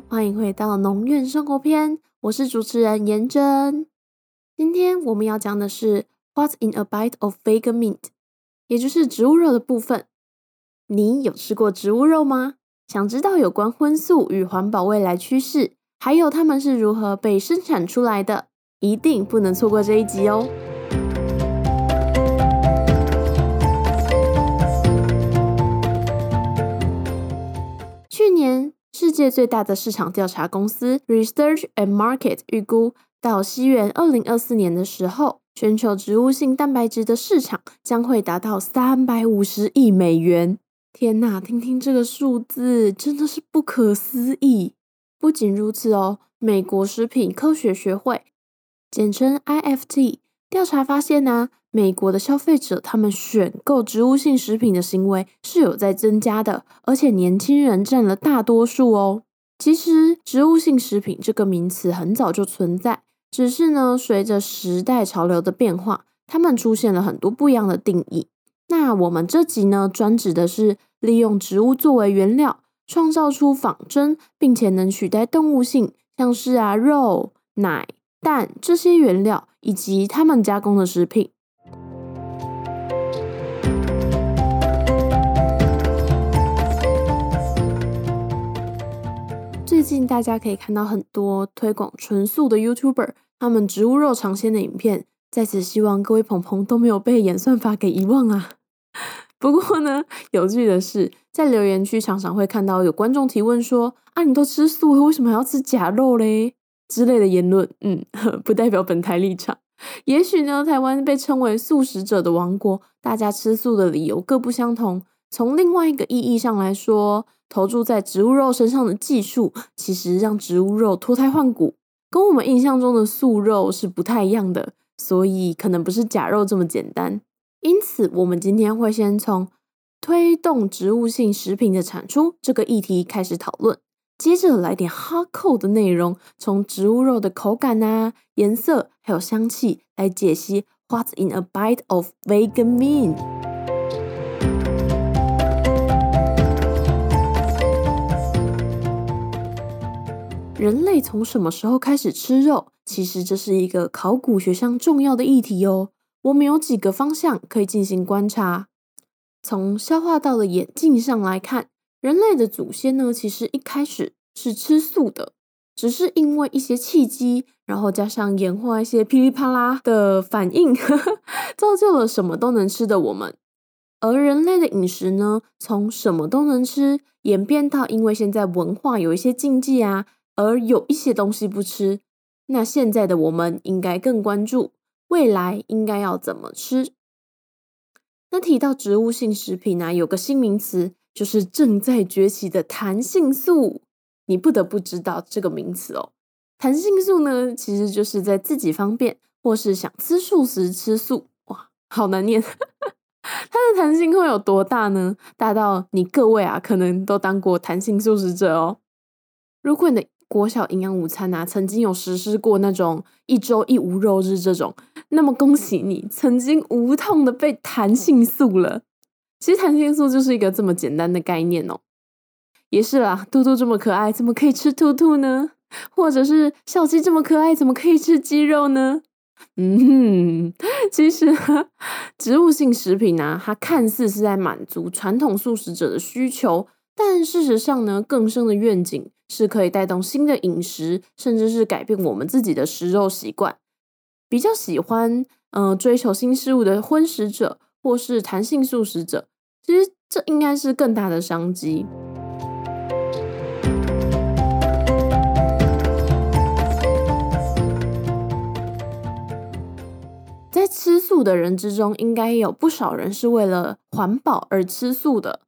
歡迎回到農院生活篇，我是主持人顏真。今天我們要講的是 What's in a bite of vegan meat？也就是植物肉的部分。你有吃過植物肉嗎？想知道有關葷素與環保未來趨勢，還有它們是如何被生產出來的，一定不能錯過這一集哦。世界最大的市場調查公司 Research and Market 預估到西元二零二四年的時候，全球植物性蛋白質的市場將會達到三百五十億美元。天吶，聽聽這個數字，真的是不可思議！不僅如此哦，美國食品科學學會（簡稱 IFT） 調查發現呢、啊。美國的消費者，他們選購植物性食品的行為是有在增加的，而且年輕人占了大多數哦。其實，植物性食品這個名詞很早就存在，只是呢，隨着時代潮流的變化，他們出現了很多不一樣的定義。那我們這集呢，專指的是利用植物作為原料，創造出仿真，並且能取代動物性，像是啊肉、奶、蛋這些原料以及他們加工的食品。最近大家可以看到很多推廣純素的 YouTuber，他們植物肉嘗鮮的影片。在此希望各位朋朋都沒有被演算法給遺忘啊！ 不過呢，有趣的是，在留言區常常會看到有觀眾提問說：“啊，你都吃素，為什麼還要吃假肉嘞？”之類的言論，嗯，不代表本台立場。也許呢，台灣被稱為素食者的王國，大家吃素的理由各不相同。從另外一個意義上來說，投注在植物肉身上的技術，其實讓植物肉脫胎換骨，跟我們印象中的素肉是不太一樣的，所以可能不是假肉這麼簡單。因此，我們今天會先從推動植物性食品的產出這個議題開始討論，接着來點哈扣的內容，從植物肉的口感啊、顏色還有香氣來解析 What's in a bite of vegan meat? 人類從什麼時候開始吃肉？其實這是一個考古學上重要的議題哦。我們有幾個方向可以進行觀察。從消化道的演進上來看，人類的祖先呢，其實一開始是吃素的，只是因為一些契機，然後加上演化一些噼里啪啦的反應呵呵，造就了什麼都能吃的我們。而人類的飲食呢，從什麼都能吃演變到，因為現在文化有一些禁忌啊。而有一些東西不吃，那現在的我們應該更關注未來應該要怎麼吃。那提到植物性食品呢、啊，有個新名詞，就是正在崛起的彈性素。你不得不知道這個名詞哦。彈性素呢，其實就是在自己方便或是想吃素時吃素。哇，好難念！ 它的彈性會有多大呢？大到你各位啊，可能都當過彈性素食者哦。如果你國小營養午餐啊，曾經有實施過那種一週一無肉日這種，那麼恭喜你，曾經無痛的被彈性素了。其實彈性素就是一個這麼簡單的概念哦。也是啦，兔兔這麼可愛，怎麼可以吃兔兔呢？或者是小雞這麼可愛，怎麼可以吃雞肉呢？嗯哼，其實植物性食品啊，它看似是在滿足傳統素食者的需求，但事實上呢，更深的願景。是可以帶動新的飲食，甚至是改變我們自己的食肉習慣。比較喜歡，嗯、呃，追求新事物的葷食者，或是彈性素食者，其實這應該是更大的商機。在吃素的人之中，應該有不少人是為了環保而吃素的。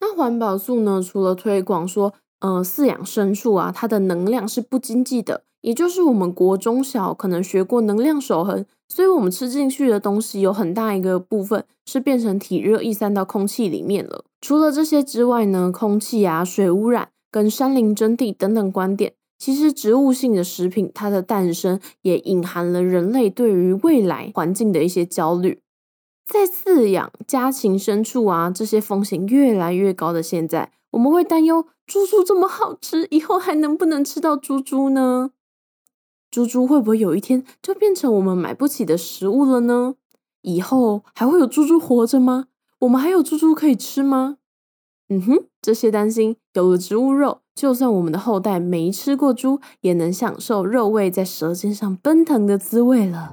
那環保素呢？除了推廣說。呃，飼養牲畜啊，它的能量是不經濟的，也就是我們國中小可能學過能量守恆，所以我們吃進去的東西有很大一個部分是變成體熱逸散到空氣裡面了。除了這些之外呢，空氣啊、水污染跟山林徵地等等觀點，其實植物性的食品它的誕生也隱含了人類對於未來環境的一些焦慮。在飼養家禽牲畜啊這些風險越來越高的現在，我們會擔憂。豬豬這麼好吃，以後還能不能吃到豬豬呢？豬豬會不會有一天就變成我們買不起的食物了呢？以後還會有豬豬活着嗎？我們還有豬豬可以吃嗎？嗯哼，這些擔心，有了植物肉，就算我們的後代沒吃過豬，也能享受肉味在舌尖上奔騰的滋味了。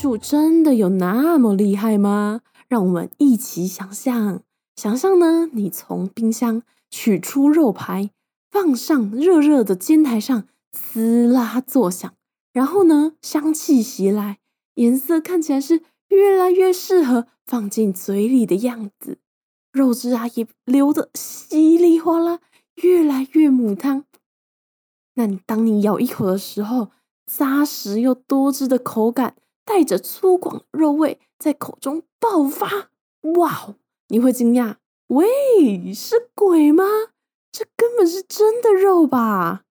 就真的有那麼厲害嗎？讓我們一起想象。想象呢，你從冰箱取出肉排，放上熱熱的煎台上，滋啦作響。然後呢，香氣襲來，顏色看起來是越來越適合放進嘴裡的樣子，肉汁啊也流得稀里嘩啦，越來越母湯。那你當你咬一口的時候，扎實又多汁的口感，帶着粗獷肉味在口中爆發，哇、wow！你會驚訝，喂，是鬼嗎？這根本是真的肉吧？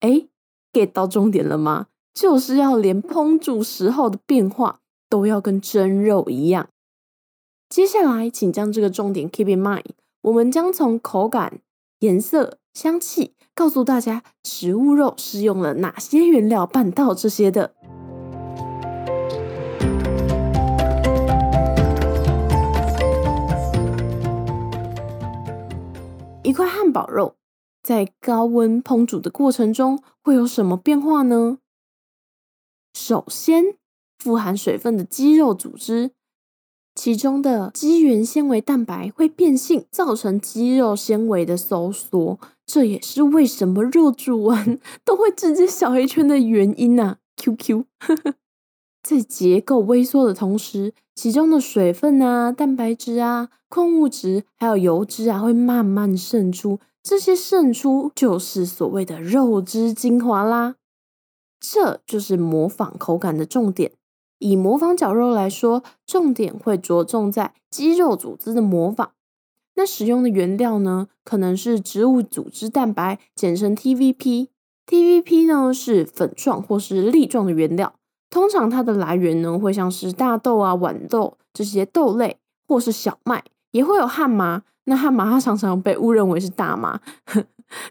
哎，get 到重點了嗎？就是要連烹煮時候的變化都要跟真肉一樣。接下來，請將這個重點 keep in mind，我們將從口感、顏色、香氣，告訴大家植物肉是用了哪些原料辦到這些的。一塊漢堡肉在高溫烹煮的過程中會有什麼變化呢？首先，富含水分的肌肉組織，其中的肌原纖維蛋白會變性，造成肌肉纖維的收縮，這也是為什麼肉煮完都會直接小一圈的原因呢、啊、？Q Q 在結構萎縮的同時，其中的水分啊、蛋白質啊、礦物質還有油脂啊，會慢慢滲出。這些滲出就是所謂的肉汁精華啦。這就是模仿口感的重點。以模仿絞肉來說，重點會着重在肌肉組織的模仿。那使用的原料呢，可能是植物組織蛋白，簡稱 TVP。TVP 呢是粉狀或是粒狀的原料。通常它的來源呢，會像是大豆啊、豌豆這些豆類，或是小麥，也會有漢麻。那漢麻它常常被誤認為是大麻，呵呵，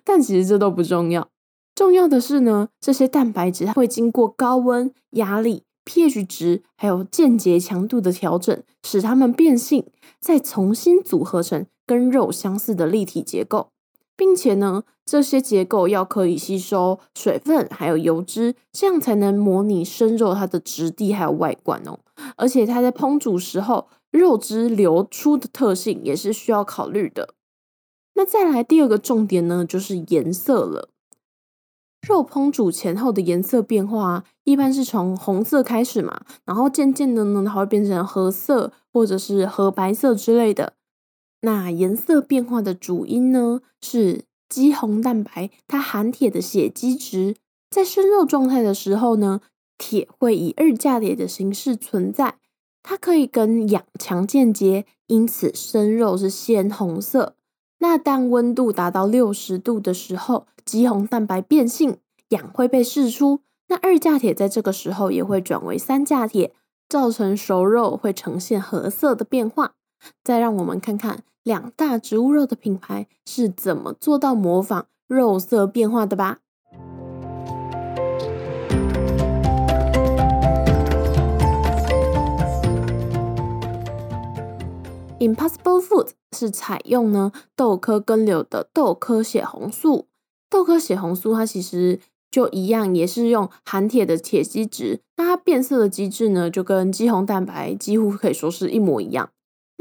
但其實這都不重要。重要的是呢，這些蛋白質它會經過高溫、壓力、pH 值還有間接強度的調整，使它們變性，再重新組合成跟肉相似的立體結構。並且呢，這些結構要可以吸收水分，還有油脂，這樣才能模擬生肉它的質地還有外觀哦、喔。而且它在烹煮時候，肉汁流出的特性也是需要考慮的。那再來第二個重點呢，就是顏色了。肉烹煮前後的顏色變化，一般是從紅色開始嘛，然後漸漸的呢，它會變成褐色或者是和白色之類的。那顏色變化的主因呢，是肌紅蛋白，它含鐵的血基質。在生肉狀態的時候呢，鐵會以二價鐵的形式存在，它可以跟氧強鍵結，因此生肉是鮮紅色。那當溫度達到六十度的時候，肌紅蛋白變性，氧會被釋出，那二價鐵在這個時候也會轉為三價鐵，造成熟肉會呈現褐色的變化。再讓我們看看兩大植物肉的品牌是怎麼做到模仿肉色變化的吧。Impossible Foods 是採用呢，豆科根瘤的豆科血紅素，豆科血紅素它其實就一樣，也是用含鐵的鐵錫質，那它變色的機制呢，就跟肌紅蛋白幾乎可以說是一模一樣。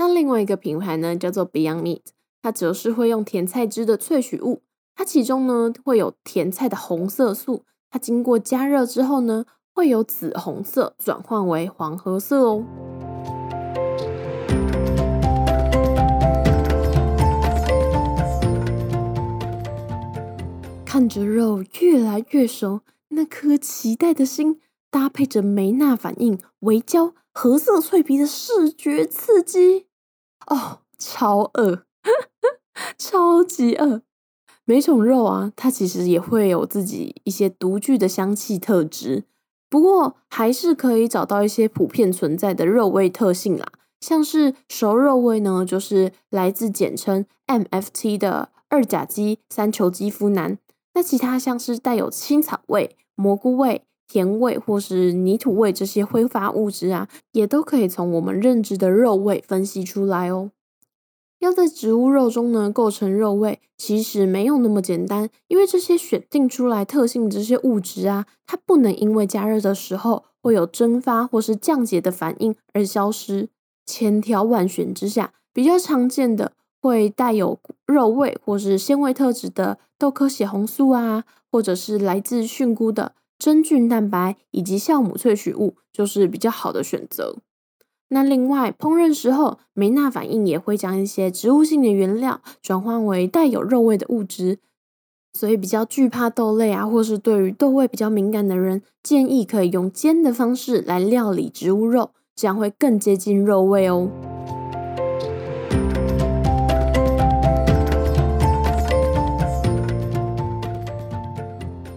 那另外一個品牌呢，叫做 Beyond Meat，它則是會用甜菜汁的萃取物，它其中呢會有甜菜的紅色素，它經過加熱之後呢，會由紫紅色轉換為黃褐色哦。看着肉越來越熟，那顆期待的心，搭配着梅納反應、微焦、褐色脆皮的視覺刺激。哦，超餓，呵呵，超級餓！每種肉啊，它其實也會有自己一些獨具的香氣特質，不過還是可以找到一些普遍存在的肉味特性啦。像是熟肉味呢，就是來自簡稱 MFT 的二甲基三呋喃硫醇。那其他像是帶有青草味、蘑菇味。甜味或是泥土味這些揮發物質啊，也都可以從我們認知的肉味分析出來哦。要在植物肉中呢，構成肉味，其實沒有那麼簡單，因為這些選定出來特性這些物質啊，它不能因為加熱的時候會有蒸發或是降解的反應而消失。千挑萬選之下，比較常見的會帶有肉味或是鮮味特質的豆科血紅素啊，或者是來自蕈菇的。真菌蛋白以及酵母萃取物就是比較好的選擇。那另外，烹飪時候，梅納反應也會將一些植物性的原料轉換為帶有肉味的物質，所以比較懼怕豆類啊，或是對於豆味比較敏感的人，建議可以用煎的方式來料理植物肉，這樣會更接近肉味哦。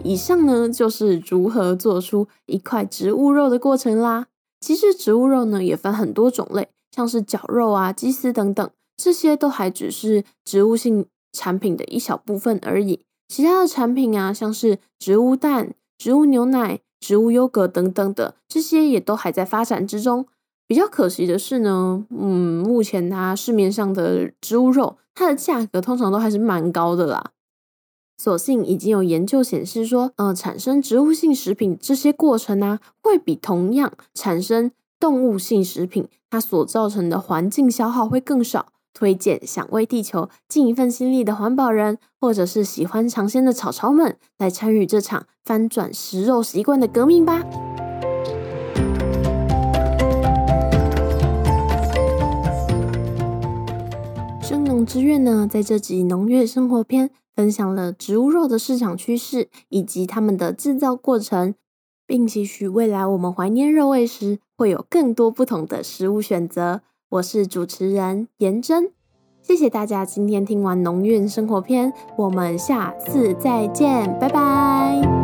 以上呢，就是如何做出一塊植物肉的過程啦。其實植物肉呢，也分很多種類，像是絞肉啊、雞絲等等，這些都還只是植物性產品的一小部分而已。其他的產品啊，像是植物蛋、植物牛奶、植物優格等等的，這些也都還在發展之中。比較可惜的是呢，嗯，目前它、啊、市面上的植物肉，它的價格通常都還是蠻高的啦。所幸已經有研究顯示說，呃，產生植物性食品這些過程呢、啊，會比同樣產生動物性食品它所造成的環境消耗會更少。推薦想為地球盡一份心力的環保人，或者是喜歡嘗鮮的草草們，來參與這場翻轉食肉習慣的革命吧。生農之月呢，在這集農業生活篇，分享了植物肉的市場趨勢以及它們的製造過程，並期許未來我們懷念肉味時會有更多不同的食物選擇。我是主持人顏真，謝謝大家今天聽完《農運生活篇》，我們下次再見，拜拜。